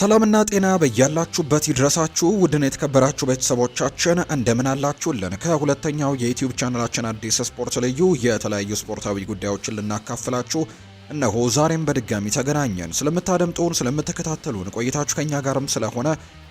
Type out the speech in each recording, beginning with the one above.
ሰላምና ጤና በያላችሁበት ይድረሳችሁ። ውድን የተከበራችሁ ቤተሰቦቻችን እንደምን አላችሁልን? ከሁለተኛው የዩትዩብ ቻናላችን አዲስ ስፖርት ልዩ የተለያዩ ስፖርታዊ ጉዳዮችን ልናካፍላችሁ እነሆ ዛሬም በድጋሚ ተገናኘን። ስለምታደምጡን፣ ስለምትከታተሉን ቆይታችሁ ከኛ ጋርም ስለሆነ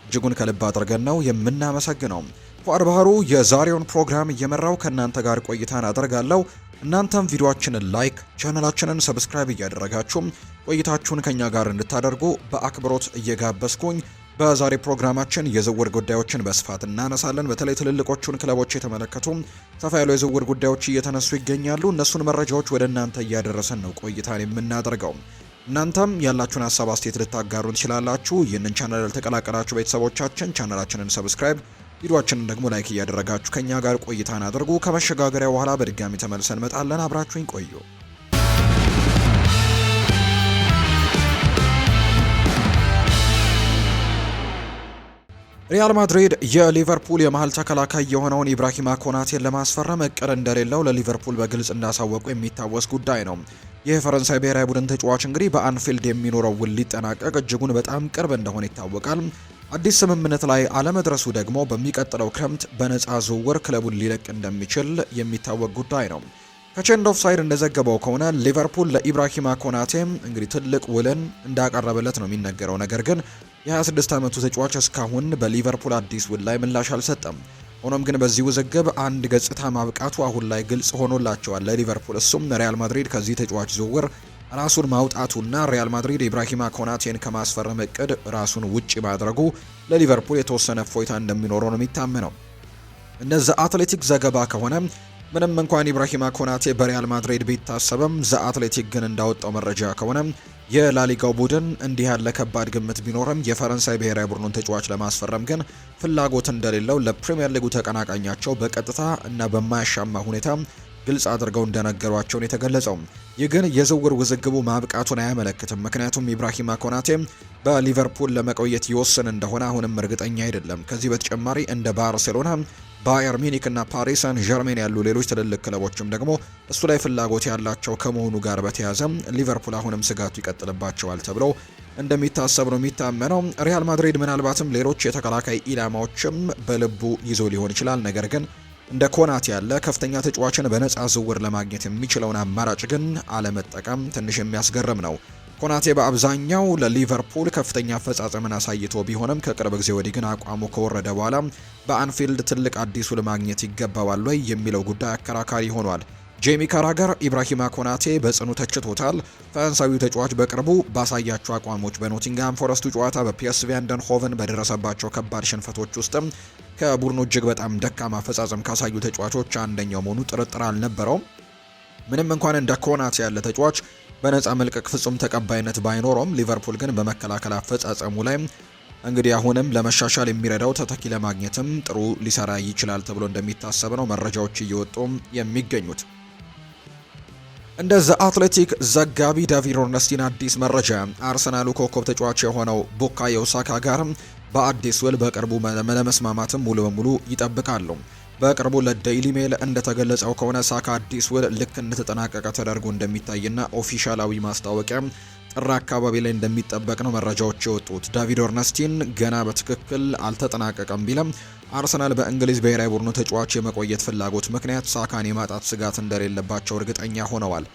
እጅጉን ከልብ አድርገን ነው የምናመሰግነው። ፏር ባህሩ የዛሬውን ፕሮግራም እየመራው ከእናንተ ጋር ቆይታን አደርጋለሁ። እናንተም ቪዲዮአችንን ላይክ ቻናላችንን ሰብስክራይብ እያደረጋችሁም ቆይታችሁን ከኛ ጋር እንድታደርጉ በአክብሮት እየጋበዝኩኝ በዛሬ ፕሮግራማችን የዝውውር ጉዳዮችን በስፋት እናነሳለን። በተለይ ትልልቆቹን ክለቦች የተመለከቱ ሰፋ ያሉ የዝውውር ጉዳዮች እየተነሱ ይገኛሉ። እነሱን መረጃዎች ወደ እናንተ እያደረሰን ነው ቆይታን የምናደርገው። እናንተም ያላችሁን ሀሳብ አስተያየት ልታጋሩን ትችላላችሁ። ይህንን ቻናል ያልተቀላቀላችሁ ቤተሰቦቻችን ቻናላችንን ሰብስክራይብ ቪዲዮችንን ደግሞ ላይክ እያደረጋችሁ ከእኛ ጋር ቆይታን አድርጉ። ከመሸጋገሪያ በኋላ በድጋሚ ተመልሰን መጣለን አብራችሁኝ ቆዩ። ሪያል ማድሪድ የሊቨርፑል የመሀል ተከላካይ የሆነውን ኢብራሂማ ኮናቴን ለማስፈረም እቅድ እንደሌለው ለሊቨርፑል በግልጽ እንዳሳወቁ የሚታወስ ጉዳይ ነው። ይህ ፈረንሳይ ብሔራዊ ቡድን ተጫዋች እንግዲህ በአንፊልድ የሚኖረው ውል ሊጠናቀቅ እጅጉን በጣም ቅርብ እንደሆነ ይታወቃል። አዲስ ስምምነት ላይ አለመድረሱ ደግሞ በሚቀጥለው ክረምት በነፃ ዝውውር ክለቡን ሊለቅ እንደሚችል የሚታወቅ ጉዳይ ነው። ከቼንድ ኦፍ ሳይድ እንደዘገበው ከሆነ ሊቨርፑል ለኢብራሂማ ኮናቴ እንግዲህ ትልቅ ውልን እንዳቀረበለት ነው የሚነገረው። ነገር ግን የ26 ዓመቱ ተጫዋች እስካሁን በሊቨርፑል አዲስ ውል ላይ ምላሽ አልሰጠም። ሆኖም ግን በዚህ ውዝግብ አንድ ገጽታ ማብቃቱ አሁን ላይ ግልጽ ሆኖላቸዋል ለሊቨርፑል። እሱም ሪያል ማድሪድ ከዚህ ተጫዋች ዝውውር ራሱን ማውጣቱና ሪያል ማድሪድ ኢብራሂማ ኮናቴን ከማስፈረም እቅድ ራሱን ውጪ ማድረጉ ለሊቨርፑል የተወሰነ እፎይታ እንደሚኖረው ነው የሚታመነው። እነዚ አትሌቲክ ዘገባ ከሆነ ምንም እንኳን ኢብራሂማ ኮናቴ በሪያል ማድሪድ ቢታሰብም ዘ አትሌቲክ ግን እንዳወጣው መረጃ ከሆነ የላሊጋው ቡድን እንዲህ ያለ ከባድ ግምት ቢኖርም የፈረንሳይ ብሔራዊ ቡድኑን ተጫዋች ለማስፈረም ግን ፍላጎት እንደሌለው ለፕሪምየር ሊጉ ተቀናቃኛቸው በቀጥታ እና በማያሻማ ሁኔታ ግልጽ አድርገው እንደነገሯቸውን የተገለጸው ይህ ግን የዝውውር ውዝግቡ ማብቃቱን አያመለክትም። ምክንያቱም ኢብራሂማ ኮናቴ በሊቨርፑል ለመቆየት ይወስን እንደሆነ አሁንም እርግጠኛ አይደለም። ከዚህ በተጨማሪ እንደ ባርሴሎና፣ ባየር ሚኒክ እና ፓሪስ ሳን ዠርሜን ያሉ ሌሎች ትልልቅ ክለቦችም ደግሞ እሱ ላይ ፍላጎት ያላቸው ከመሆኑ ጋር በተያዘ ሊቨርፑል አሁንም ስጋቱ ይቀጥልባቸዋል ተብሎ እንደሚታሰብ ነው የሚታመነው። ሪያል ማድሪድ ምናልባትም ሌሎች የተከላካይ ኢላማዎችም በልቡ ይዞ ሊሆን ይችላል ነገር ግን እንደ ኮናት ያለ ከፍተኛ ተጫዋችን በነፃ ዝውውር ለማግኘት የሚችለውን አማራጭ ግን አለመጠቀም ትንሽ የሚያስገርም ነው። ኮናቴ በአብዛኛው ለሊቨርፑል ከፍተኛ አፈጻጸምን አሳይቶ ቢሆንም ከቅርብ ጊዜ ወዲህ ግን አቋሙ ከወረደ በኋላ በአንፊልድ ትልቅ አዲሱ ለማግኘት ይገባዋል ወይ የሚለው ጉዳይ አከራካሪ ሆኗል። ጄሚ ካራገር ኢብራሂማ ኮናቴ በጽኑ ተችቶታል። ፈረንሳዊው ተጫዋች በቅርቡ ባሳያቸው አቋሞች በኖቲንግሃም ፎረስቱ ጨዋታ፣ በፒኤስቪ አንደንሆቨን በደረሰባቸው ከባድ ሽንፈቶች ውስጥም ከቡድኑ እጅግ በጣም ደካማ አፈጻጸም ካሳዩ ተጫዋቾች አንደኛው መሆኑ ጥርጥር አልነበረውም። ምንም እንኳን እንደ ኮናቴ ያለ ተጫዋች በነፃ መልቀቅ ፍጹም ተቀባይነት ባይኖረውም፣ ሊቨርፑል ግን በመከላከል አፈጻጸሙ ላይ እንግዲህ አሁንም ለመሻሻል የሚረዳው ተተኪ ለማግኘትም ጥሩ ሊሰራ ይችላል ተብሎ እንደሚታሰብ ነው መረጃዎች እየወጡ የሚገኙት። እንደ ዘ አትሌቲክ ዘጋቢ ዳቪድ ኦርነስቲን አዲስ መረጃ አርሰናሉ ኮከብ ተጫዋች የሆነው ቡካዮ ሳካ ጋር በአዲስ ውል በቅርቡ ለመስማማትም ሙሉ በሙሉ ይጠብቃሉ። በቅርቡ ለዴይሊ ሜል እንደተገለጸው ከሆነ ሳካ አዲስ ውል ልክ እንደተጠናቀቀ ተደርጎ እንደሚታይና ኦፊሻላዊ ማስታወቂያ ጥር አካባቢ ላይ እንደሚጠበቅ ነው መረጃዎች የወጡት። ዳቪድ ኦርነስቲን ገና በትክክል አልተጠናቀቀም ቢለም አርሰናል በእንግሊዝ ብሔራዊ ቡድኑ ተጫዋች የመቆየት ፍላጎት ምክንያት ሳካን የማጣት ስጋት እንደሌለባቸው እርግጠኛ ሆነዋል።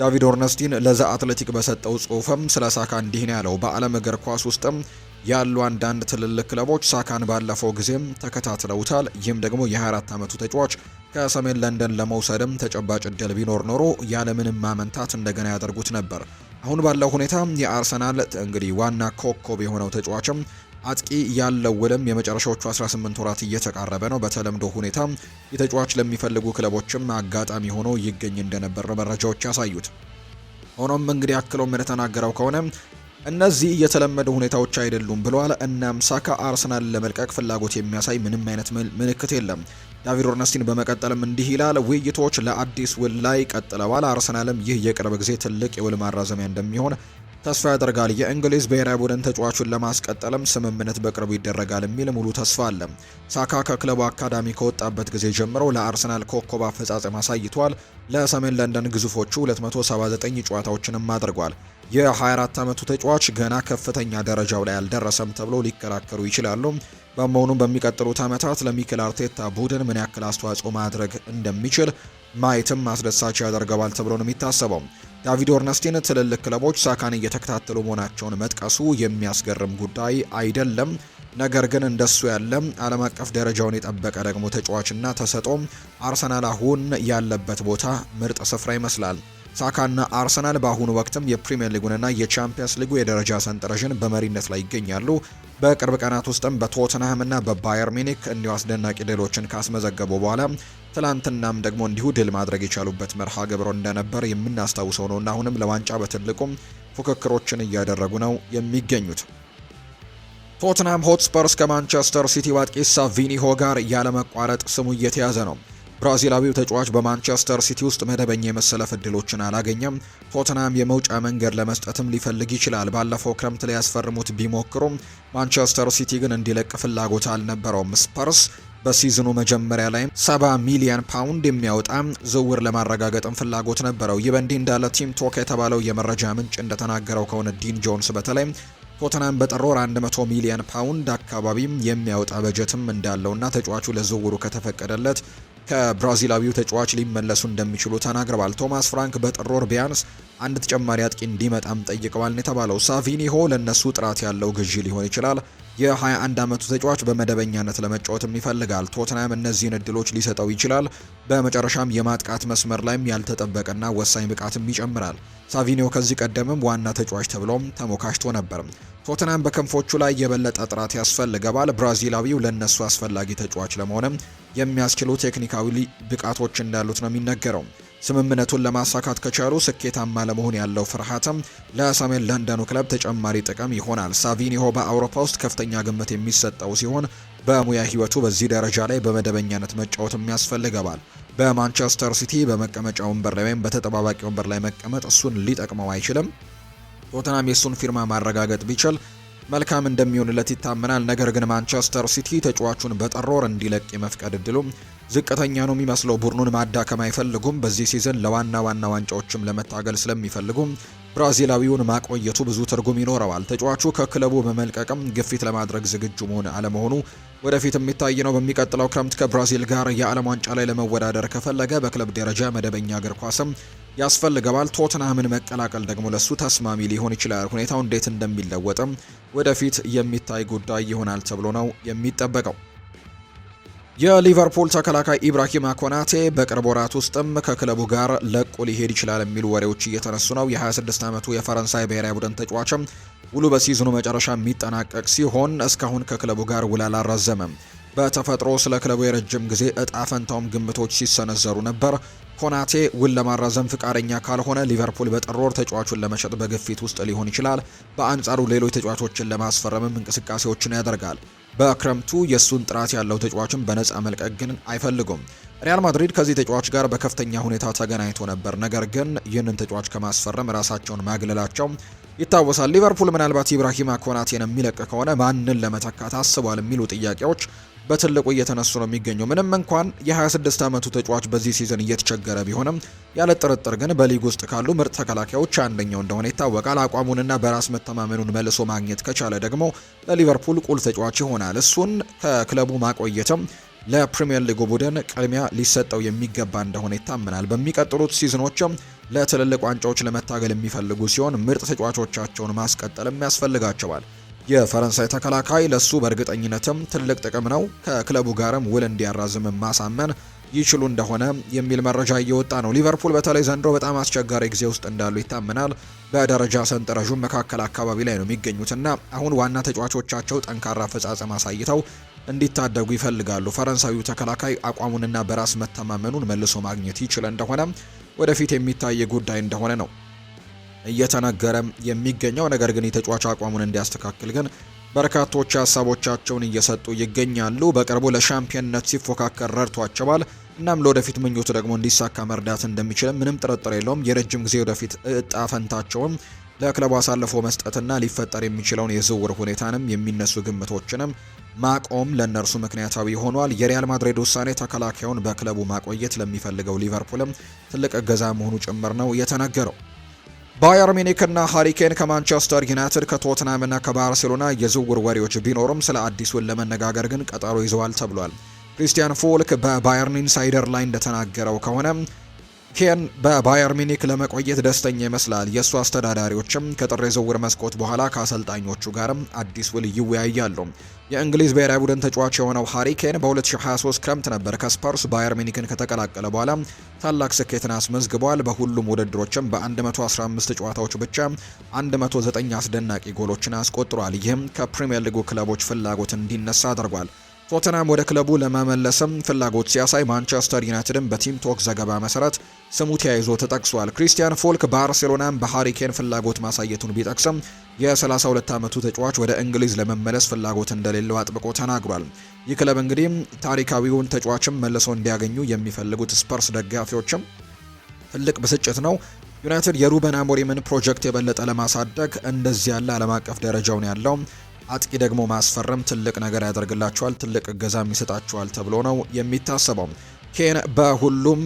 ዳቪድ ኦርነስቲን ለዘ አትሌቲክ በሰጠው ጽሑፍም ስለ ሳካ እንዲህ ነው ያለው። በዓለም እግር ኳስ ውስጥም ያሉ አንዳንድ ትልልቅ ክለቦች ሳካን ባለፈው ጊዜም ተከታትለውታል። ይህም ደግሞ የ24 ዓመቱ ተጫዋች ከሰሜን ለንደን ለመውሰድም ተጨባጭ እድል ቢኖር ኖሮ ያለምንም ማመንታት እንደገና ያደርጉት ነበር። አሁን ባለው ሁኔታ የአርሰናል እንግዲህ ዋና ኮከብ የሆነው ተጫዋችም አጥቂ ያለው ውልም የመጨረሻዎቹ 18 ወራት እየተቃረበ ነው። በተለምዶ ሁኔታ የተጫዋች ለሚፈልጉ ክለቦችም አጋጣሚ ሆኖ ይገኝ እንደነበር ነው መረጃዎች ያሳዩት። ሆኖም እንግዲህ አክሎም እንደተናገረው ከሆነ እነዚህ የተለመዱ ሁኔታዎች አይደሉም ብለዋል። እናም ሳካ አርሰናል ለመልቀቅ ፍላጎት የሚያሳይ ምንም አይነት ምልክት የለም። ዳቪድ ኦርነስቲን በመቀጠልም እንዲህ ይላል። ውይይቶች ለአዲስ ውል ላይ ቀጥለዋል። አርሰናልም ይህ የቅርብ ጊዜ ትልቅ የውል ማራዘሚያ እንደሚሆን ተስፋ ያደርጋል። የእንግሊዝ ብሔራዊ ቡድን ተጫዋቹን ለማስቀጠልም ስምምነት በቅርቡ ይደረጋል የሚል ሙሉ ተስፋ አለ። ሳካ ከክለቡ አካዳሚ ከወጣበት ጊዜ ጀምሮ ለአርሰናል ኮከብ አፈጻጸም አሳይቷል። ለሰሜን ለንደን ግዙፎቹ 279 ጨዋታዎችንም አድርጓል። የ24 ዓመቱ ተጫዋች ገና ከፍተኛ ደረጃው ላይ አልደረሰም ተብሎ ሊከራከሩ ይችላሉ። በመሆኑም በሚቀጥሉት ዓመታት ለሚኬል አርቴታ ቡድን ምን ያክል አስተዋጽኦ ማድረግ እንደሚችል ማየትም አስደሳች ያደርገዋል ተብሎ ነው የሚታሰበው። ዳቪድ ኦርነስቲን ትልልቅ ክለቦች ሳካን እየተከታተሉ መሆናቸውን መጥቀሱ የሚያስገርም ጉዳይ አይደለም። ነገር ግን እንደሱ ያለ ዓለም አቀፍ ደረጃውን የጠበቀ ደግሞ ተጫዋችና ተሰጦም አርሰናል አሁን ያለበት ቦታ ምርጥ ስፍራ ይመስላል። ሳካና አርሰናል በአሁኑ ወቅትም የፕሪምየር ሊጉንና የቻምፒየንስ ሊጉ የደረጃ ሰንጠረዥን በመሪነት ላይ ይገኛሉ። በቅርብ ቀናት ውስጥም በቶትንሃምና በባየር ሚኒክ እንዲሁ አስደናቂ ድሎችን ካስመዘገቡ በኋላ ትላንትናም ደግሞ እንዲሁ ድል ማድረግ የቻሉበት መርሃ ግብሮ እንደነበር የምናስታውሰው ነው እና አሁንም ለዋንጫ በትልቁም ፉክክሮችን እያደረጉ ነው የሚገኙት። ቶትንሃም ሆትስፐርስ ከማንቸስተር ሲቲ ዋጥቂሳ ቪኒሆ ጋር ያለመቋረጥ ስሙ እየተያዘ ነው። ብራዚላዊው ተጫዋች በማንቸስተር ሲቲ ውስጥ መደበኛ የመሰለፍ እድሎችን አላገኘም። ቶትናም የመውጫ መንገድ ለመስጠትም ሊፈልግ ይችላል። ባለፈው ክረምት ላይ ያስፈርሙት ቢሞክሩም ማንቸስተር ሲቲ ግን እንዲለቅ ፍላጎት አልነበረውም። ስፐርስ በሲዝኑ መጀመሪያ ላይ 70 ሚሊዮን ፓውንድ የሚያወጣ ዝውውር ለማረጋገጥም ፍላጎት ነበረው። ይህ በእንዲህ እንዳለ ቲም ቶክ የተባለው የመረጃ ምንጭ እንደተናገረው ከሆነ ዲን ጆንስ በተለይ ቶተናም በጥር ወር 100 ሚሊዮን ፓውንድ አካባቢም የሚያወጣ በጀትም እንዳለውና ተጫዋቹ ለዝውውሩ ከተፈቀደለት ከብራዚላዊው ተጫዋች ሊመለሱ እንደሚችሉ ተናግረዋል። ቶማስ ፍራንክ በጥር ወር ቢያንስ አንድ ተጨማሪ አጥቂ እንዲመጣም ጠይቀዋል ነው የተባለው። ሳቪኒሆ ለእነሱ ጥራት ያለው ግዢ ሊሆን ይችላል። የ21 ዓመቱ ተጫዋች በመደበኛነት ለመጫወትም ይፈልጋል። ቶትናም እነዚህን እድሎች ሊሰጠው ይችላል። በመጨረሻም የማጥቃት መስመር ላይም ያልተጠበቀና ወሳኝ ብቃትም ይጨምራል። ሳቪኒዮ ከዚህ ቀደምም ዋና ተጫዋች ተብሎም ተሞካሽቶ ነበር። ቶትናም በክንፎቹ ላይ የበለጠ ጥራት ያስፈልገባል። ብራዚላዊው ለእነሱ አስፈላጊ ተጫዋች ለመሆንም የሚያስችሉ ቴክኒካዊ ብቃቶች እንዳሉት ነው የሚነገረው። ስምምነቱን ለማሳካት ከቻሉ ስኬታማ ለመሆን ያለው ፍርሃትም ለሰሜን ለንደኑ ክለብ ተጨማሪ ጥቅም ይሆናል። ሳቪኒሆ በአውሮፓ ውስጥ ከፍተኛ ግምት የሚሰጠው ሲሆን በሙያ ሕይወቱ በዚህ ደረጃ ላይ በመደበኛነት መጫወትም ያስፈልገዋል። በማንቸስተር ሲቲ በመቀመጫ ወንበር ላይ ወይም በተጠባባቂ ወንበር ላይ መቀመጥ እሱን ሊጠቅመው አይችልም። ቶተናም የሱን ፊርማ ማረጋገጥ ቢችል መልካም እንደሚሆንለት ይታመናል። ነገር ግን ማንቸስተር ሲቲ ተጫዋቹን በጠሮር እንዲለቅ የመፍቀድ እድሉ ዝቅተኛ ነው የሚመስለው። ቡድኑን ማዳከም አይፈልጉም። በዚህ ሲዝን ለዋና ዋና ዋንጫዎችም ለመታገል ስለሚፈልጉ ብራዚላዊውን ማቆየቱ ብዙ ትርጉም ይኖረዋል። ተጫዋቹ ከክለቡ በመልቀቅም ግፊት ለማድረግ ዝግጁ መሆን አለመሆኑ ወደፊት የሚታይ ነው። በሚቀጥለው ክረምት ከብራዚል ጋር የዓለም ዋንጫ ላይ ለመወዳደር ከፈለገ በክለብ ደረጃ መደበኛ እግር ኳስም ያስፈልገዋል። ቶትናምን መቀላቀል ደግሞ ለሱ ተስማሚ ሊሆን ይችላል። ሁኔታው እንዴት እንደሚለወጥም ወደፊት የሚታይ ጉዳይ ይሆናል ተብሎ ነው የሚጠበቀው። የሊቨርፑል ተከላካይ ኢብራሂማ ኮናቴ በቅርብ ወራት ውስጥም ከክለቡ ጋር ለቆ ሊሄድ ይችላል የሚሉ ወሬዎች እየተነሱ ነው። የ26 ዓመቱ የፈረንሳይ ብሔራዊ ቡድን ተጫዋችም ውሉ በሲዝኑ መጨረሻ የሚጠናቀቅ ሲሆን እስካሁን ከክለቡ ጋር ውል አላራዘመም። በተፈጥሮ ስለ ክለቡ የረጅም ጊዜ እጣ ፈንታውም ግምቶች ሲሰነዘሩ ነበር። ኮናቴ ውል ለማራዘም ፍቃደኛ ካልሆነ ሊቨርፑል በጥር ወር ተጫዋቹን ለመሸጥ በግፊት ውስጥ ሊሆን ይችላል። በአንጻሩ ሌሎች ተጫዋቾችን ለማስፈረምም እንቅስቃሴዎችን ያደርጋል። በክረምቱ የእሱን ጥራት ያለው ተጫዋችን በነፃ መልቀቅ ግን አይፈልጉም። ሪያል ማድሪድ ከዚህ ተጫዋች ጋር በከፍተኛ ሁኔታ ተገናኝቶ ነበር፣ ነገር ግን ይህንን ተጫዋች ከማስፈረም ራሳቸውን ማግለላቸው ይታወሳል። ሊቨርፑል ምናልባት ኢብራሂማ ኮናቴን የሚለቅ ከሆነ ማንን ለመተካት አስቧል የሚሉ ጥያቄዎች በትልቁ እየተነሱ ነው የሚገኘው ምንም እንኳን የ26 ዓመቱ ተጫዋች በዚህ ሲዝን እየተቸገረ ቢሆንም ያለ ጥርጥር ግን በሊግ ውስጥ ካሉ ምርጥ ተከላካዮች አንደኛው እንደሆነ ይታወቃል። አቋሙንና በራስ መተማመኑን መልሶ ማግኘት ከቻለ ደግሞ ለሊቨርፑል ቁል ተጫዋች ይሆናል። እሱን ከክለቡ ማቆየትም ለፕሪምየር ሊጉ ቡድን ቅድሚያ ሊሰጠው የሚገባ እንደሆነ ይታመናል። በሚቀጥሉት ሲዝኖችም ለትልልቅ ዋንጫዎች ለመታገል የሚፈልጉ ሲሆን ምርጥ ተጫዋቾቻቸውን ማስቀጠልም ያስፈልጋቸዋል። የፈረንሳይ ተከላካይ ለሱ በእርግጠኝነትም ትልቅ ጥቅም ነው። ከክለቡ ጋርም ውል እንዲያራዝም ማሳመን ይችሉ እንደሆነ የሚል መረጃ እየወጣ ነው። ሊቨርፑል በተለይ ዘንድሮ በጣም አስቸጋሪ ጊዜ ውስጥ እንዳሉ ይታመናል። በደረጃ ሰንጠረዡ መካከል አካባቢ ላይ ነው የሚገኙትና አሁን ዋና ተጫዋቾቻቸው ጠንካራ አፈጻጸም አሳይተው እንዲታደጉ ይፈልጋሉ። ፈረንሳዊው ተከላካይ አቋሙንና በራስ መተማመኑን መልሶ ማግኘት ይችል እንደሆነ ወደፊት የሚታይ ጉዳይ እንደሆነ ነው እየተነገረም የሚገኘው። ነገር ግን የተጫዋች አቋሙን እንዲያስተካክል ግን በርካቶች ሀሳቦቻቸውን እየሰጡ ይገኛሉ። በቅርቡ ለሻምፒዮንነት ሲፎካከር ረድቷቸዋል። እናም ለወደፊት ምኞቱ ደግሞ እንዲሳካ መርዳት እንደሚችል ምንም ጥርጥር የለውም። የረጅም ጊዜ ወደፊት እጣ ፈንታቸውም ለክለቡ አሳልፎ መስጠትና ሊፈጠር የሚችለውን የዝውውር ሁኔታንም የሚነሱ ግምቶችንም ማቆም ለእነርሱ ምክንያታዊ ሆኗል። የሪያል ማድሪድ ውሳኔ ተከላካዩን በክለቡ ማቆየት ለሚፈልገው ሊቨርፑልም ትልቅ እገዛ መሆኑ ጭምር ነው የተነገረው። ባየር ሚኒክና ሃሪኬን ከማንቸስተር ዩናይትድ ከቶትናምና ከባርሴሎና የዝውውር ወሬዎች ቢኖሩም ስለ አዲሱን ለመነጋገር ግን ቀጠሮ ይዘዋል ተብሏል። ክሪስቲያን ፎልክ በባየርን ኢንሳይደር ላይ እንደተናገረው ከሆነ ኬን በባየር ሚኒክ ለመቆየት ደስተኛ ይመስላል። የእሱ አስተዳዳሪዎችም ከጥር የዝውውር መስኮት በኋላ ከአሰልጣኞቹ ጋርም አዲስ ውል ይወያያሉ። የእንግሊዝ ብሔራዊ ቡድን ተጫዋች የሆነው ሃሪ ኬን በ2023 ክረምት ነበር ከስፐርስ ባየር ሚኒክን ከተቀላቀለ በኋላ ታላቅ ስኬትን አስመዝግቧል። በሁሉም ውድድሮችም በ115 ጨዋታዎች ብቻ 109 አስደናቂ ጎሎችን አስቆጥሯል። ይህም ከፕሪምየር ሊጉ ክለቦች ፍላጎት እንዲነሳ አድርጓል። ቶተናም ወደ ክለቡ ለመመለስም ፍላጎት ሲያሳይ ማንቸስተር ዩናይትድም በቲም ቶክ ዘገባ መሰረት ስሙ ተያይዞ ተጠቅሷል። ክሪስቲያን ፎልክ ባርሴሎናም በሃሪኬን ፍላጎት ማሳየቱን ቢጠቅስም የ32 ዓመቱ ተጫዋች ወደ እንግሊዝ ለመመለስ ፍላጎት እንደሌለው አጥብቆ ተናግሯል። ይህ ክለብ እንግዲህ ታሪካዊውን ተጫዋችም መልሶ እንዲያገኙ የሚፈልጉት ስፐርስ ደጋፊዎችም ትልቅ ብስጭት ነው። ዩናይትድ የሩበን አሞሪምን ፕሮጀክት የበለጠ ለማሳደግ እንደዚህ ያለ ዓለም አቀፍ ደረጃውን ያለው አጥቂ ደግሞ ማስፈረም ትልቅ ነገር ያደርግላቸዋል፣ ትልቅ እገዛም ይሰጣቸዋል ተብሎ ነው የሚታሰበው። ኬን በሁሉም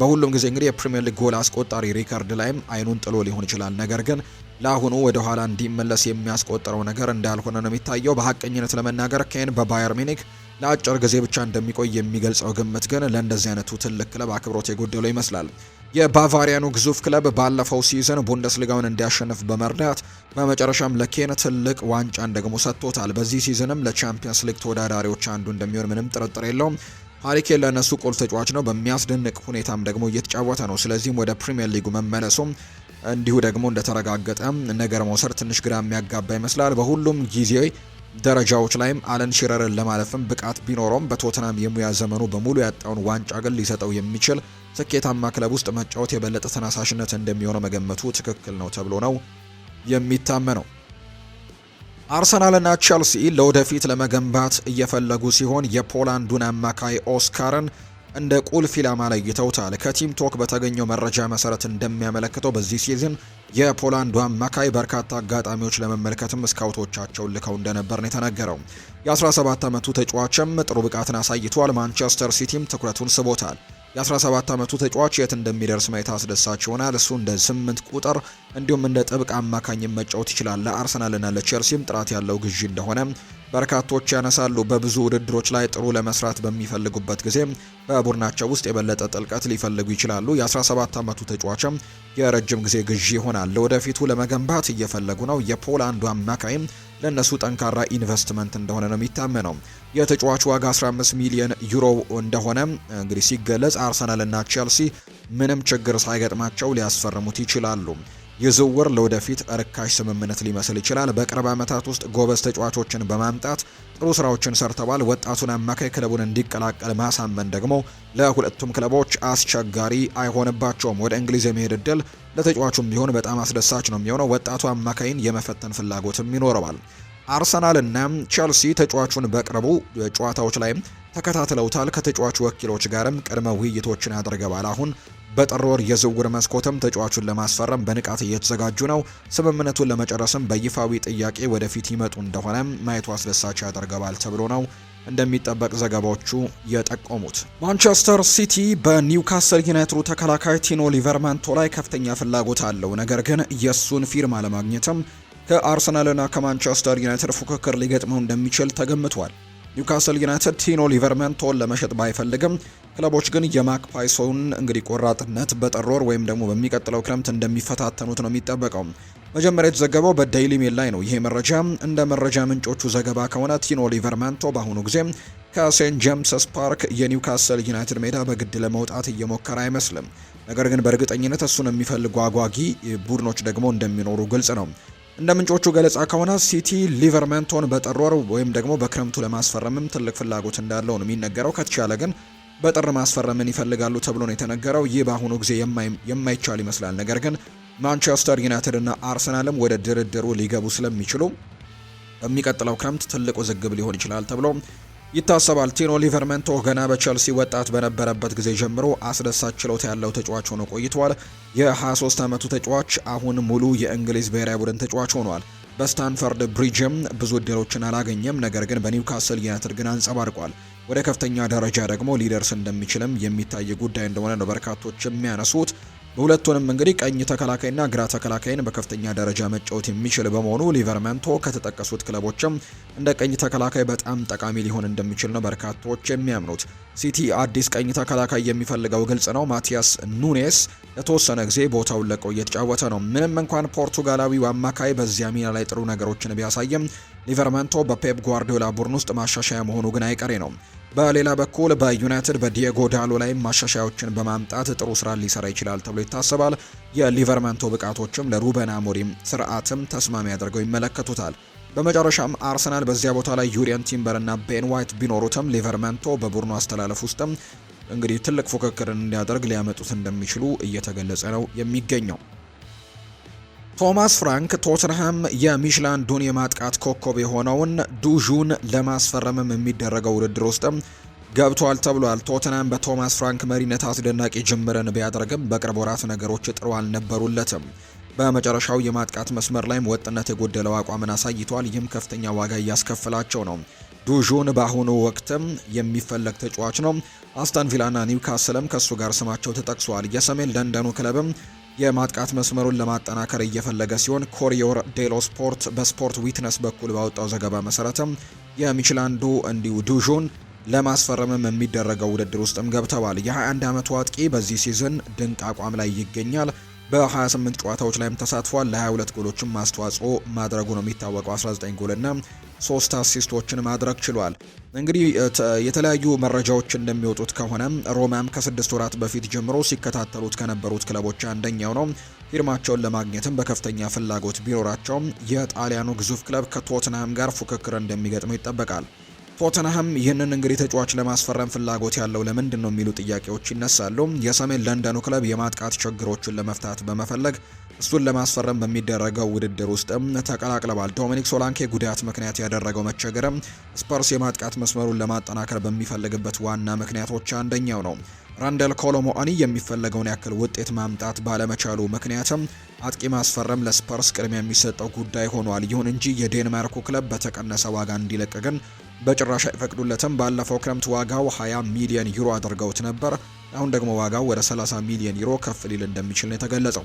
በሁሉም ጊዜ እንግዲህ የፕሪምየር ሊግ ጎል አስቆጣሪ ሪከርድ ላይም አይኑን ጥሎ ሊሆን ይችላል። ነገር ግን ለአሁኑ ወደ ኋላ እንዲመለስ የሚያስቆጥረው ነገር እንዳልሆነ ነው የሚታየው። በሀቀኝነት ለመናገር ኬን በባየር ሚኒክ ለአጭር ጊዜ ብቻ እንደሚቆይ የሚገልጸው ግምት ግን ለእንደዚህ አይነቱ ትልቅ ክለብ አክብሮት የጎደለው ይመስላል። የባቫሪያኑ ግዙፍ ክለብ ባለፈው ሲዝን ቡንደስሊጋውን እንዲያሸንፍ በመርዳት በመጨረሻም ለኬን ትልቅ ዋንጫን ደግሞ ሰጥቶታል። በዚህ ሲዘንም ለቻምፒየንስ ሊግ ተወዳዳሪዎች አንዱ እንደሚሆን ምንም ጥርጥር የለውም። ሀሪኬን ለእነሱ ቁልፍ ተጫዋች ነው። በሚያስደንቅ ሁኔታም ደግሞ እየተጫወተ ነው። ስለዚህም ወደ ፕሪምየር ሊጉ መመለሱም እንዲሁ ደግሞ እንደተረጋገጠ ነገር መውሰድ ትንሽ ግራ የሚያጋባ ይመስላል። በሁሉም ጊዜ ደረጃዎች ላይም አለን ሽረርን ለማለፍም ብቃት ቢኖረውም በቶትናም የሙያ ዘመኑ በሙሉ ያጣውን ዋንጫ ግን ሊሰጠው የሚችል ስኬታማ ክለብ ውስጥ መጫወት የበለጠ ተነሳሽነት እንደሚሆነው መገመቱ ትክክል ነው ተብሎ ነው የሚታመነው። አርሰናልና ቸልሲ ለወደፊት ለመገንባት እየፈለጉ ሲሆን የፖላንዱን አማካይ ኦስካርን እንደ ቁልፍ ኢላማ ለይተውታል። ከቲም ቶክ በተገኘው መረጃ መሰረት እንደሚያመለክተው በዚህ ሲዝን የፖላንዱ አማካይ በርካታ አጋጣሚዎች ለመመልከትም ስካውቶቻቸውን ልከው እንደነበር ነው የተነገረው። የ17 ዓመቱ ተጫዋችም ጥሩ ብቃትን አሳይቷል። ማንቸስተር ሲቲም ትኩረቱን ስቦታል። የ17 ዓመቱ ተጫዋች የት እንደሚደርስ ማየት አስደሳች ይሆናል። እሱ እንደ ስምንት ቁጥር እንዲሁም እንደ ጥብቅ አማካኝም መጫወት ይችላል። ለአርሰናልና ለቼልሲም ጥራት ያለው ግዢ እንደሆነ በርካቶች ያነሳሉ። በብዙ ውድድሮች ላይ ጥሩ ለመስራት በሚፈልጉበት ጊዜ በቡድናቸው ውስጥ የበለጠ ጥልቀት ሊፈልጉ ይችላሉ። የ17 ዓመቱ ተጫዋችም የረጅም ጊዜ ግዢ ይሆናል። ለወደፊቱ ለመገንባት እየፈለጉ ነው። የፖላንዱ አማካይም ለእነሱ ጠንካራ ኢንቨስትመንት እንደሆነ ነው የሚታመነው። የተጫዋቹ ዋጋ 15 ሚሊዮን ዩሮ እንደሆነ እንግዲህ ሲገለጽ፣ አርሰናልና ቼልሲ ምንም ችግር ሳይገጥማቸው ሊያስፈርሙት ይችላሉ። ይዝውውር ለወደፊት ርካሽ ስምምነት ሊመስል ይችላል። በቅርብ ዓመታት ውስጥ ጎበዝ ተጫዋቾችን በማምጣት ጥሩ ስራዎችን ሰርተዋል። ወጣቱን አማካይ ክለቡን እንዲቀላቀል ማሳመን ደግሞ ለሁለቱም ክለቦች አስቸጋሪ አይሆንባቸውም። ወደ እንግሊዝ የመሄድ እድል ለተጫዋቹም ቢሆን በጣም አስደሳች ነው የሚሆነው። ወጣቱ አማካይን የመፈተን ፍላጎትም ይኖረዋል። አርሰናል እና ቼልሲ ተጫዋቹን በቅርቡ ጨዋታዎች ላይም ተከታትለውታል። ከተጫዋቹ ወኪሎች ጋርም ቅድመ ውይይቶችን አድርገዋል። አሁን በጥር ወር የዝውውር መስኮትም ተጫዋቹን ለማስፈረም በንቃት እየተዘጋጁ ነው። ስምምነቱን ለመጨረስም በይፋዊ ጥያቄ ወደፊት ይመጡ እንደሆነ ማየቱ አስደሳች ያደርገዋል ተብሎ ነው እንደሚጠበቅ ዘገባዎቹ የጠቆሙት። ማንቸስተር ሲቲ በኒውካስል ዩናይትዱ ተከላካይ ቲኖ ሊቨርማንቶ ላይ ከፍተኛ ፍላጎት አለው። ነገር ግን የእሱን ፊርማ ለማግኘትም ከአርሰናልና ከማንቸስተር ዩናይትድ ፉክክር ሊገጥመው እንደሚችል ተገምቷል። ኒውካስል ዩናይትድ ቲኖ ሊቨርመንቶን ለመሸጥ ባይፈልግም ክለቦች ግን የማክፓይሶን እንግዲህ ቆራጥነት በጠሮር ወይም ደግሞ በሚቀጥለው ክረምት እንደሚፈታተኑት ነው የሚጠበቀው። መጀመሪያ የተዘገበው በዴይሊ ሜል ላይ ነው። ይሄ መረጃ እንደ መረጃ ምንጮቹ ዘገባ ከሆነ ቲኖ ሊቨርመንቶ በአሁኑ ጊዜ ከሴንት ጄምስስ ፓርክ የኒውካስል ዩናይትድ ሜዳ በግድ ለመውጣት እየሞከረ አይመስልም። ነገር ግን በእርግጠኝነት እሱን የሚፈልጉ አጓጊ ቡድኖች ደግሞ እንደሚኖሩ ግልጽ ነው። እንደ ምንጮቹ ገለጻ ከሆነ ሲቲ ሊቨርመንቶን በጥር ወር ወይም ደግሞ በክረምቱ ለማስፈረምም ትልቅ ፍላጎት እንዳለው ነው የሚነገረው። ከተቻለ ግን በጥር ማስፈረምን ይፈልጋሉ ተብሎ ነው የተነገረው። ይህ በአሁኑ ጊዜ የማይቻል ይመስላል። ነገር ግን ማንቸስተር ዩናይትድ እና አርሰናልም ወደ ድርድሩ ሊገቡ ስለሚችሉ በሚቀጥለው ክረምት ትልቅ ውዝግብ ሊሆን ይችላል ተብሎ ይታሰባል። ቲኖ ሊቨርመንቶ ገና በቸልሲ ወጣት በነበረበት ጊዜ ጀምሮ አስደሳች ችሎታ ያለው ተጫዋች ሆኖ ቆይቷል። የ23 ዓመቱ ተጫዋች አሁን ሙሉ የእንግሊዝ ብሔራዊ ቡድን ተጫዋች ሆኗል። በስታንፈርድ ብሪጅም ብዙ እድሎችን አላገኘም፣ ነገር ግን በኒውካስል ዩናይትድ ግን አንጸባርቋል። ወደ ከፍተኛ ደረጃ ደግሞ ሊደርስ እንደሚችልም የሚታይ ጉዳይ እንደሆነ ነው በርካቶች የሚያነሱት። ሁለቱንም እንግዲህ ቀኝ ተከላካይና ግራ ተከላካይን በከፍተኛ ደረጃ መጫወት የሚችል በመሆኑ ሊቨርመንቶ ከተጠቀሱት ክለቦችም እንደ ቀኝ ተከላካይ በጣም ጠቃሚ ሊሆን እንደሚችል ነው በርካቶች የሚያምኑት። ሲቲ አዲስ ቀኝ ተከላካይ የሚፈልገው ግልጽ ነው። ማቲያስ ኑኔስ ለተወሰነ ጊዜ ቦታውን ለቆ እየተጫወተ ነው። ምንም እንኳን ፖርቱጋላዊው አማካይ በዚያ ሚና ላይ ጥሩ ነገሮችን ቢያሳይም ሊቨርመንቶ በፔፕ ጓርዲዮላ ቡድን ውስጥ ማሻሻያ መሆኑ ግን አይቀሬ ነው። በሌላ በኩል በዩናይትድ በዲየጎ ዳሎ ላይ ማሻሻያዎችን በማምጣት ጥሩ ስራ ሊሰራ ይችላል ተብሎ ይታሰባል። የሊቨርመንቶ ብቃቶችም ለሩበን አሞሪም ስርዓትም ተስማሚ አድርገው ይመለከቱታል። በመጨረሻም አርሰናል በዚያ ቦታ ላይ ዩሪየን ቲምበር እና ቤን ዋይት ቢኖሩትም ሊቨርመንቶ በቡድኑ አስተላለፍ ውስጥም እንግዲህ ትልቅ ፉክክርን እንዲያደርግ ሊያመጡት እንደሚችሉ እየተገለጸ ነው የሚገኘው። ቶማስ ፍራንክ ቶትንሃም የሚሽላንዱን የማጥቃት ኮከብ የሆነውን ዱዡን ለማስፈረምም የሚደረገው ውድድር ውስጥም ገብቷል ተብሏል። ቶትንሃም በቶማስ ፍራንክ መሪነት አስደናቂ ጅምርን ቢያደርግም በቅርብ ወራት ነገሮች ጥሩ አልነበሩለትም። በመጨረሻው የማጥቃት መስመር ላይም ወጥነት የጎደለው አቋምን አሳይቷል። ይህም ከፍተኛ ዋጋ እያስከፍላቸው ነው። ዱዡን በአሁኑ ወቅትም የሚፈለግ ተጫዋች ነው። አስተን ቪላና ኒውካስልም ከእሱ ጋር ስማቸው ተጠቅሷል። የሰሜን ለንደኑ ክለብም የማጥቃት መስመሩን ለማጠናከር እየፈለገ ሲሆን ኮሪዮር ዴሎ ስፖርት በስፖርት ዊትነስ በኩል ባወጣው ዘገባ መሰረትም የሚችላንዱ እንዲሁ ዱዥን ለማስፈረምም የሚደረገው ውድድር ውስጥም ገብተዋል። የ21 ዓመቱ አጥቂ በዚህ ሲዝን ድንቅ አቋም ላይ ይገኛል። በ28 ጨዋታዎች ላይም ተሳትፏል። ለ22 ጎሎችም አስተዋጽኦ ማድረጉ ነው የሚታወቀው። 19 ጎልና ሶስት አሲስቶችን ማድረግ ችሏል። እንግዲህ የተለያዩ መረጃዎች እንደሚወጡት ከሆነ ሮማም ከስድስት ወራት በፊት ጀምሮ ሲከታተሉት ከነበሩት ክለቦች አንደኛው ነው። ፊርማቸውን ለማግኘትም በከፍተኛ ፍላጎት ቢኖራቸውም የጣሊያኑ ግዙፍ ክለብ ከቶትናም ጋር ፉክክር እንደሚገጥመው ይጠበቃል። ቶተንሃም ይህንን እንግዲህ ተጫዋች ለማስፈረም ፍላጎት ያለው ለምንድን ነው የሚሉ ጥያቄዎች ይነሳሉ። የሰሜን ለንደኑ ክለብ የማጥቃት ችግሮችን ለመፍታት በመፈለግ እሱን ለማስፈረም በሚደረገው ውድድር ውስጥም ተቀላቅለዋል። ዶሚኒክ ሶላንኬ ጉዳት ምክንያት ያደረገው መቸገርም ስፐርስ የማጥቃት መስመሩን ለማጠናከር በሚፈልግበት ዋና ምክንያቶች አንደኛው ነው። ራንደል ኮሎሞአኒ የሚፈለገውን ያክል ውጤት ማምጣት ባለመቻሉ ምክንያትም አጥቂ ማስፈረም ለስፐርስ ቅድሚያ የሚሰጠው ጉዳይ ሆኗል። ይሁን እንጂ የዴንማርኩ ክለብ በተቀነሰ ዋጋ እንዲለቅ ግን በጭራሽ አይፈቅዱለትም። ባለፈው ክረምት ዋጋው 20 ሚሊዮን ዩሮ አድርገውት ነበር። አሁን ደግሞ ዋጋው ወደ 30 ሚሊዮን ዩሮ ከፍ ሊል እንደሚችል ነው የተገለጸው።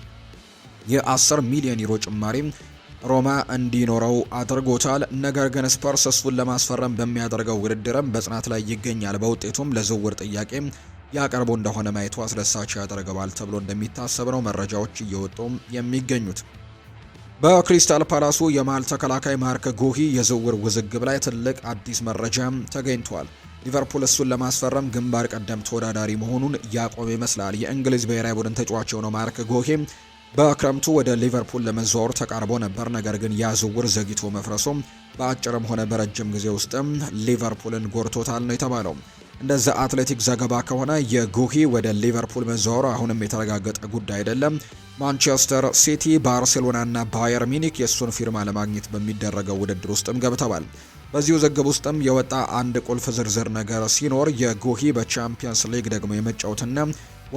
የ10 ሚሊዮን ዩሮ ጭማሪም ሮማ እንዲኖረው አድርጎታል። ነገር ግን ስፐርስ እሱን ለማስፈረም በሚያደርገው ውድድርም በጽናት ላይ ይገኛል። በውጤቱም ለዝውውር ጥያቄ ያቀርቡ እንደሆነ ማየቱ አስደሳች ያደርገዋል ተብሎ እንደሚታሰብ ነው መረጃዎች እየወጡ የሚገኙት። በክሪስታል ፓላሱ የመሀል ተከላካይ ማርክ ጉሂ የዝውውር ውዝግብ ላይ ትልቅ አዲስ መረጃም ተገኝቷል። ሊቨርፑል እሱን ለማስፈረም ግንባር ቀደም ተወዳዳሪ መሆኑን ያቆመ ይመስላል። የእንግሊዝ ብሔራዊ ቡድን ተጫዋች የሆነው ማርክ ጎሂ በክረምቱ ወደ ሊቨርፑል ለመዘዋወር ተቃርቦ ነበር። ነገር ግን ያ ዝውውር ዘግይቶ መፍረሱም በአጭርም ሆነ በረጅም ጊዜ ውስጥም ሊቨርፑልን ጎድቶታል ነው የተባለው። እንደዛ አትሌቲክ ዘገባ ከሆነ የጉሂ ወደ ሊቨርፑል መዘዋወሩ አሁንም የተረጋገጠ ጉዳይ አይደለም። ማንቸስተር ሲቲ፣ ባርሴሎናና ባየር ሚኒክ የእሱን ፊርማ ለማግኘት በሚደረገው ውድድር ውስጥም ገብተዋል። በዚህ ውዝግብ ውስጥም የወጣ አንድ ቁልፍ ዝርዝር ነገር ሲኖር የጉሂ በቻምፒየንስ ሊግ ደግሞ የመጫወትና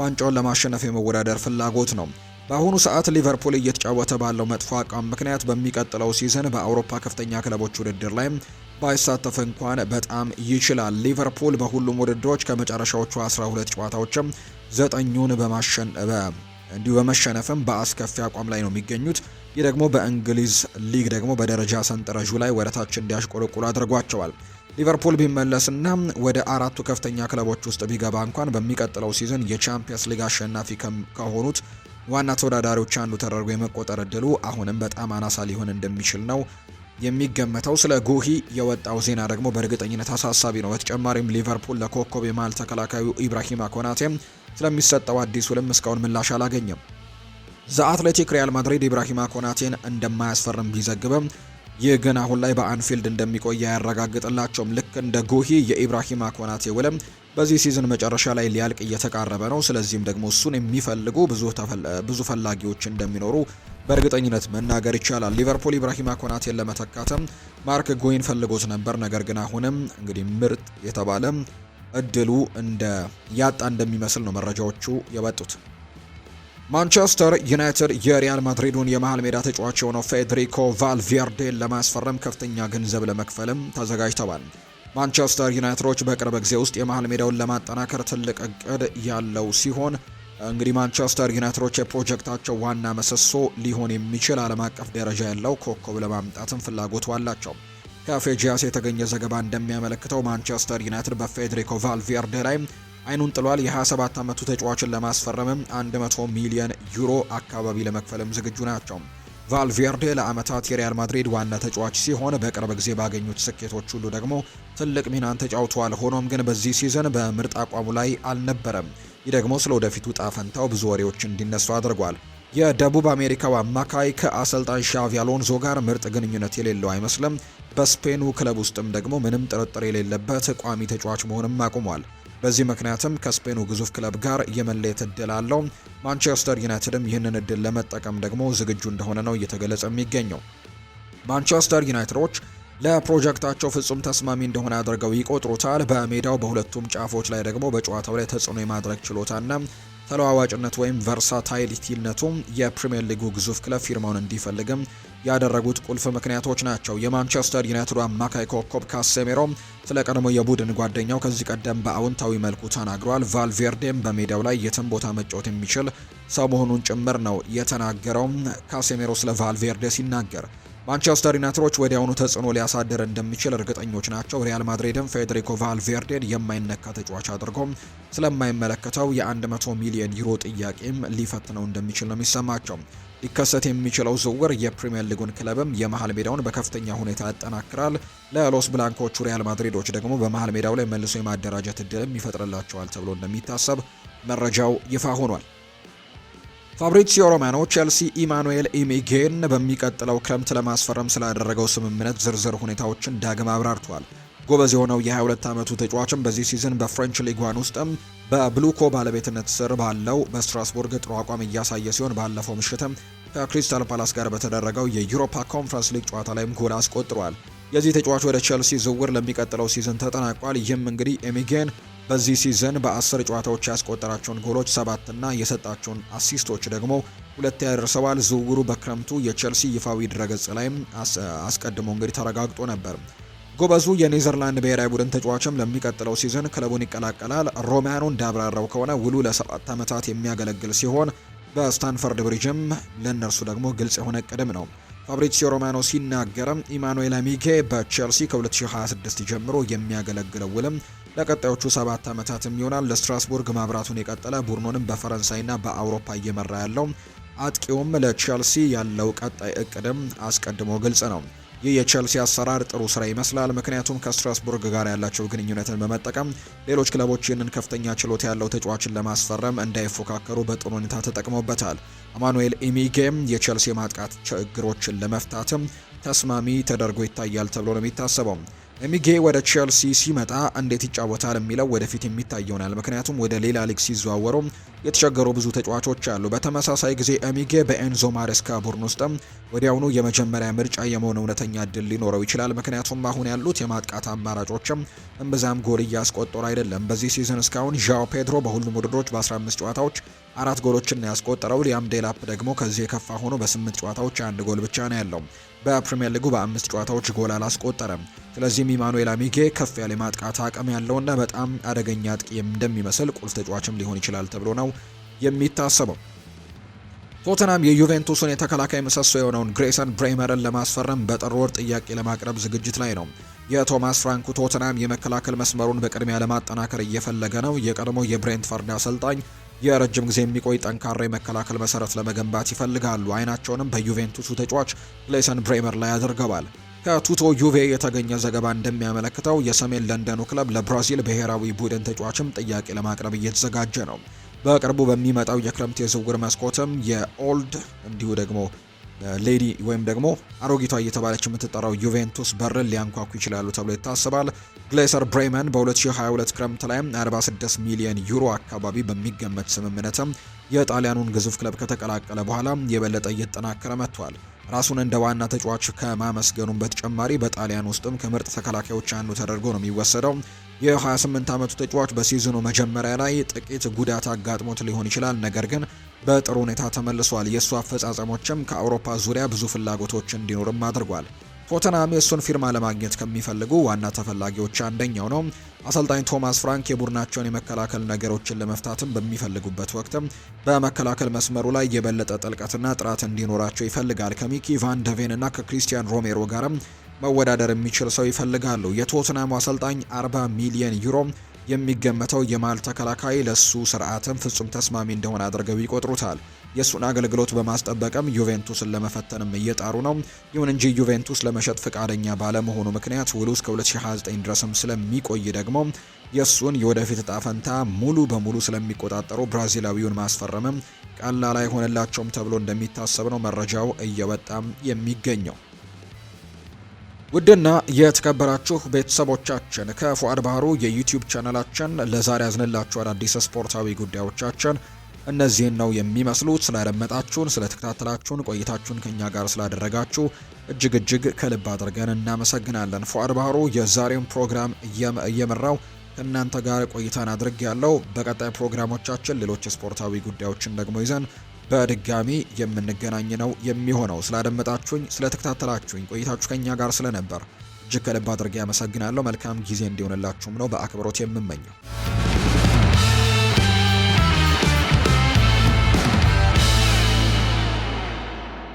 ዋንጫውን ለማሸነፍ የመወዳደር ፍላጎት ነው። በአሁኑ ሰዓት ሊቨርፑል እየተጫወተ ባለው መጥፎ አቋም ምክንያት በሚቀጥለው ሲዝን በአውሮፓ ከፍተኛ ክለቦች ውድድር ላይ ባይሳተፍ እንኳን በጣም ይችላል። ሊቨርፑል በሁሉም ውድድሮች ከመጨረሻዎቹ 12 ጨዋታዎችም ዘጠኙን በማሸነፍ እንዲሁ በመሸነፍም በአስከፊ አቋም ላይ ነው የሚገኙት። ይህ ደግሞ በእንግሊዝ ሊግ ደግሞ በደረጃ ሰንጠረዡ ላይ ወደታች እንዲያሽቆለቁሉ አድርጓቸዋል። ሊቨርፑል ቢመለስና ወደ አራቱ ከፍተኛ ክለቦች ውስጥ ቢገባ እንኳን በሚቀጥለው ሲዝን የቻምፒየንስ ሊግ አሸናፊ ከሆኑት ዋና ተወዳዳሪዎች አንዱ ተደርጎ የመቆጠር እድሉ አሁንም በጣም አናሳ ሊሆን እንደሚችል ነው የሚገመተው። ስለ ጉሂ የወጣው ዜና ደግሞ በእርግጠኝነት አሳሳቢ ነው። በተጨማሪም ሊቨርፑል ለኮከብ የመሃል ተከላካዩ ኢብራሂማ ኮናቴም ስለሚሰጠው አዲስ ውልም እስካሁን ምላሽ አላገኘም። ዘአትሌቲክ ሪያል ማድሪድ ኢብራሂማ ኮናቴን እንደማያስፈርም ቢዘግብም ይህ ግን አሁን ላይ በአንፊልድ እንደሚቆይ አያረጋግጥላቸውም። ልክ እንደ ጉሂ የኢብራሂማ ኮናቴ ውልም በዚህ ሲዝን መጨረሻ ላይ ሊያልቅ እየተቃረበ ነው። ስለዚህም ደግሞ እሱን የሚፈልጉ ብዙ ፈላጊዎች እንደሚኖሩ በእርግጠኝነት መናገር ይቻላል። ሊቨርፑል ኢብራሂማ ኮናቴን ለመተካትም ማርክ ጎይን ፈልጎት ነበር። ነገር ግን አሁንም እንግዲህ ምርጥ የተባለ እድሉ እንደ ያጣ እንደሚመስል ነው መረጃዎቹ የበጡት ማንቸስተር ዩናይትድ የሪያል ማድሪዱን የመሃል ሜዳ ተጫዋች የሆነው ፌዴሪኮ ቫልቬርዴን ለማስፈረም ከፍተኛ ገንዘብ ለመክፈልም ተዘጋጅተዋል። ማንቸስተር ዩናይትዶች በቅርብ ጊዜ ውስጥ የመሃል ሜዳውን ለማጠናከር ትልቅ እቅድ ያለው ሲሆን እንግዲህ ማንቸስተር ዩናይትዶች የፕሮጀክታቸው ዋና መሰሶ ሊሆን የሚችል ዓለም አቀፍ ደረጃ ያለው ኮከብ ለማምጣትም ፍላጎቱ አላቸው። ከፌጂያስ የተገኘ ዘገባ እንደሚያመለክተው ማንቸስተር ዩናይትድ በፌዴሪኮ ቫልቬርዴ ላይ አይኑን ጥሏል። የ27 ዓመቱ ተጫዋችን ለማስፈረምም 100 ሚሊዮን ዩሮ አካባቢ ለመክፈልም ዝግጁ ናቸው። ቫልቬርዴ ለዓመታት የሪያል ማድሪድ ዋና ተጫዋች ሲሆን በቅርብ ጊዜ ባገኙት ስኬቶች ሁሉ ደግሞ ትልቅ ሚናን ተጫውተዋል። ሆኖም ግን በዚህ ሲዘን በምርጥ አቋሙ ላይ አልነበረም። ይህ ደግሞ ስለ ወደፊቱ ጣፈንታው ብዙ ወሬዎች እንዲነሱ አድርጓል። የደቡብ አሜሪካው አማካይ ከአሰልጣኝ ሻቪ አሎንዞ ጋር ምርጥ ግንኙነት የሌለው አይመስልም። በስፔኑ ክለብ ውስጥም ደግሞ ምንም ጥርጥር የሌለበት ቋሚ ተጫዋች መሆንም አቁሟል። በዚህ ምክንያትም ከስፔኑ ግዙፍ ክለብ ጋር የመለየት እድል አለው። ማንቸስተር ዩናይትድም ይህንን እድል ለመጠቀም ደግሞ ዝግጁ እንደሆነ ነው እየተገለጸ የሚገኘው። ማንቸስተር ዩናይትዶች ለፕሮጀክታቸው ፍጹም ተስማሚ እንደሆነ አድርገው ይቆጥሩታል። በሜዳው በሁለቱም ጫፎች ላይ ደግሞ በጨዋታው ላይ ተጽዕኖ የማድረግ ችሎታና ተለዋዋጭነት ወይም ቨርሳታይልቲነቱ የፕሪምየር ሊጉ ግዙፍ ክለብ ፊርማውን እንዲፈልግም ያደረጉት ቁልፍ ምክንያቶች ናቸው። የማንቸስተር ዩናይትዱ አማካይ ኮከብ ካሴሜሮ ስለ ቀድሞ የቡድን ጓደኛው ከዚህ ቀደም በአውንታዊ መልኩ ተናግሯል። ቫልቬርዴም በሜዳው ላይ የትም ቦታ መጫወት የሚችል ሰው መሆኑን ጭምር ነው የተናገረው። ካሴሜሮ ስለ ቫልቬርዴ ሲናገር ማንቸስተር ዩናይትዶች ወዲያውኑ ተጽዕኖ ሊያሳድር እንደሚችል እርግጠኞች ናቸው። ሪያል ማድሪድም ፌዴሪኮ ቫልቬርዴን የማይነካ ተጫዋች አድርጎም ስለማይመለከተው የ100 ሚሊዮን ዩሮ ጥያቄም ሊፈትነው እንደሚችል ነው የሚሰማቸው። ሊከሰት የሚችለው ዝውውር የፕሪምየር ሊጉን ክለብም የመሀል ሜዳውን በከፍተኛ ሁኔታ ያጠናክራል። ለሎስ ብላንኮቹ ሪያል ማድሪዶች ደግሞ በመሀል ሜዳው ላይ መልሶ የማደራጀት እድልም ይፈጥርላቸዋል ተብሎ እንደሚታሰብ መረጃው ይፋ ሆኗል። ፋብሪዚዮ ሮማኖ ቼልሲ ኢማኑኤል ኢሚጌን በሚቀጥለው ክረምት ለማስፈረም ስላደረገው ስምምነት ዝርዝር ሁኔታዎችን ዳግም አብራርቷል። ጎበዝ የሆነው የ22 ዓመቱ ተጫዋችም በዚህ ሲዝን በፍሬንች ሊጓን ውስጥም በብሉኮ ባለቤትነት ስር ባለው በስትራስቡርግ ጥሩ አቋም እያሳየ ሲሆን ባለፈው ምሽትም ከክሪስታል ፓላስ ጋር በተደረገው የዩሮፓ ኮንፈረንስ ሊግ ጨዋታ ላይም ጎል አስቆጥሯል። የዚህ ተጫዋች ወደ ቼልሲ ዝውውር ለሚቀጥለው ሲዝን ተጠናቋል። ይህም እንግዲህ ኤሚጌን በዚህ ሲዘን በአስር ጨዋታዎች ያስቆጠራቸውን ጎሎች ሰባትና የሰጣቸውን አሲስቶች ደግሞ ሁለት ያደርሰዋል። ዝውውሩ በክረምቱ የቼልሲ ይፋዊ ድረገጽ ላይም አስቀድሞ እንግዲህ ተረጋግጦ ነበር። ጎበዙ የኔዘርላንድ ብሔራዊ ቡድን ተጫዋችም ለሚቀጥለው ሲዝን ክለቡን ይቀላቀላል። ሮሚያኖ እንዳብራራው ከሆነ ውሉ ለሰባት ዓመታት የሚያገለግል ሲሆን በስታንፈርድ ብሪጅም ለእነርሱ ደግሞ ግልጽ የሆነ ቅድም ነው። ፋብሪሲዮ ሮማኖ ሲናገርም ኢማኑኤል አሚጌ በቼልሲ ከ2026 ጀምሮ የሚያገለግለው ውልም ለቀጣዮቹ ሰባት ዓመታትም ይሆናል። ለስትራስቡርግ ማብራቱን የቀጠለ ቡድኑንም በፈረንሳይና በአውሮፓ እየመራ ያለው አጥቂውም ለቼልሲ ያለው ቀጣይ እቅድም አስቀድሞ ግልጽ ነው። ይህ የቼልሲ አሰራር ጥሩ ስራ ይመስላል፣ ምክንያቱም ከስትራስቡርግ ጋር ያላቸው ግንኙነትን በመጠቀም ሌሎች ክለቦች ይህንን ከፍተኛ ችሎታ ያለው ተጫዋችን ለማስፈረም እንዳይፎካከሩ በጥሩ ሁኔታ ተጠቅሞበታል። አማኑኤል ኢሚጌም የቼልሲ ማጥቃት ችግሮችን ለመፍታትም ተስማሚ ተደርጎ ይታያል ተብሎ ነው የሚታሰበው። ሚጌ ወደ ቼልሲ ሲመጣ እንዴት ይጫወታል የሚለው ወደፊት የሚታይ ይሆናል። ምክንያቱም ወደ ሌላ ሊግ ሲዘዋወሩ የተቸገሩ ብዙ ተጫዋቾች አሉ። በተመሳሳይ ጊዜ ሚጌ በኤንዞ ማሬስካ ቡድን ውስጥም ወዲያውኑ የመጀመሪያ ምርጫ የመሆን እውነተኛ እድል ሊኖረው ይችላል። ምክንያቱም አሁን ያሉት የማጥቃት አማራጮችም እምብዛም ጎል እያስቆጠሩ አይደለም። በዚህ ሲዝን እስካሁን ዣኦ ፔድሮ በሁሉም ውድድሮች በ15 ጨዋታዎች አራት ጎሎችን ያስቆጠረው። ሊያም ዴላፕ ደግሞ ከዚህ የከፋ ሆኖ በስምንት ጨዋታዎች አንድ ጎል ብቻ ነው ያለው። በፕሪምየር ሊጉ በአምስት ጨዋታዎች ጎል አላስቆጠረም። ስለዚህም ኢማኑኤል አሚጌ ከፍ ያለ ማጥቃት አቅም ያለውና በጣም አደገኛ አጥቂ እንደሚመስል ቁልፍ ተጫዋችም ሊሆን ይችላል ተብሎ ነው የሚታሰበው። ቶተናም የዩቬንቱስን የተከላካይ ምሰሶ የሆነውን ግሬሰን ብሬመርን ለማስፈረም በጥር ወር ጥያቄ ለማቅረብ ዝግጅት ላይ ነው። የቶማስ ፍራንኩ ቶተናም የመከላከል መስመሩን በቅድሚያ ለማጠናከር እየፈለገ ነው። የቀድሞ የብሬንትፈርድ አሰልጣኝ የረጅም ጊዜ የሚቆይ ጠንካራ የመከላከል መሰረት ለመገንባት ይፈልጋሉ። አይናቸውንም በዩቬንቱሱ ተጫዋች ሌሰን ብሬመር ላይ አድርገዋል። ከቱቶ ዩቬ የተገኘ ዘገባ እንደሚያመለክተው የሰሜን ለንደኑ ክለብ ለብራዚል ብሔራዊ ቡድን ተጫዋችም ጥያቄ ለማቅረብ እየተዘጋጀ ነው። በቅርቡ በሚመጣው የክረምት የዝውውር መስኮትም የኦልድ እንዲሁ ደግሞ ሌዲ ወይም ደግሞ አሮጊቷ እየተባለች የምትጠራው ዩቬንቱስ በርን ሊያንኳኩ ይችላሉ ተብሎ ይታሰባል። ግሌሰር ብሬመን በ2022 ክረምት ላይ 46 ሚሊዮን ዩሮ አካባቢ በሚገመት ስምምነትም የጣሊያኑን ግዙፍ ክለብ ከተቀላቀለ በኋላ የበለጠ እየተጠናከረ መጥቷል። ራሱን እንደ ዋና ተጫዋች ከማመስገኑም በተጨማሪ በጣሊያን ውስጥም ከምርጥ ተከላካዮች አንዱ ተደርጎ ነው የሚወሰደው። የ28 ዓመቱ ተጫዋች በሲዝኑ መጀመሪያ ላይ ጥቂት ጉዳት አጋጥሞት ሊሆን ይችላል፣ ነገር ግን በጥሩ ሁኔታ ተመልሷል። የእሱ አፈጻጸሞችም ከአውሮፓ ዙሪያ ብዙ ፍላጎቶች እንዲኖርም አድርጓል። ቶተናም የእሱን ፊርማ ለማግኘት ከሚፈልጉ ዋና ተፈላጊዎች አንደኛው ነው። አሰልጣኝ ቶማስ ፍራንክ የቡድናቸውን የመከላከል ነገሮችን ለመፍታትም በሚፈልጉበት ወቅትም በመከላከል መስመሩ ላይ የበለጠ ጥልቀትና ጥራት እንዲኖራቸው ይፈልጋል። ከሚኪ ቫን ደቬን እና ከክሪስቲያን ሮሜሮ ጋርም መወዳደር የሚችል ሰው ይፈልጋሉ። የቶትናሙ አሰልጣኝ 40 ሚሊዮን ዩሮ የሚገመተው የማል ተከላካይ ለሱ ስርዓትም ፍጹም ተስማሚ እንደሆነ አድርገው ይቆጥሩታል። የእሱን አገልግሎት በማስጠበቅም ዩቬንቱስን ለመፈተንም እየጣሩ ነው። ይሁን እንጂ ዩቬንቱስ ለመሸጥ ፈቃደኛ ባለመሆኑ ምክንያት ውሉ እስከ 2029 ድረስም ስለሚቆይ ደግሞ የእሱን የወደፊት እጣ ፈንታ ሙሉ በሙሉ ስለሚቆጣጠሩ ብራዚላዊውን ማስፈረምም ቀላል አይሆንላቸውም ተብሎ እንደሚታሰብ ነው መረጃው እየወጣም የሚገኘው። ውድና የተከበራችሁ ቤተሰቦቻችን ከፉአድ ባህሩ የዩቲዩብ ቻናላችን ለዛሬ ያዝንላችሁ አዳዲስ ስፖርታዊ ጉዳዮቻችን እነዚህን ነው የሚመስሉት። ስላደመጣችሁን፣ ስለተከታተላችሁን፣ ቆይታችሁን ከኛ ጋር ስላደረጋችሁ እጅግ እጅግ ከልብ አድርገን እናመሰግናለን። ፉአድ ባህሩ የዛሬውን ፕሮግራም እየመራው ከእናንተ ጋር ቆይታን አድርግ ያለው። በቀጣይ ፕሮግራሞቻችን ሌሎች ስፖርታዊ ጉዳዮችን ደግሞ ይዘን በድጋሚ የምንገናኝ ነው የሚሆነው። ስላደመጣችሁኝ፣ ስለተከታተላችሁኝ ቆይታችሁ ከኛ ጋር ስለነበር እጅግ ከልብ አድርጌ ያመሰግናለሁ። መልካም ጊዜ እንዲሆንላችሁም ነው በአክብሮት የምመኘው።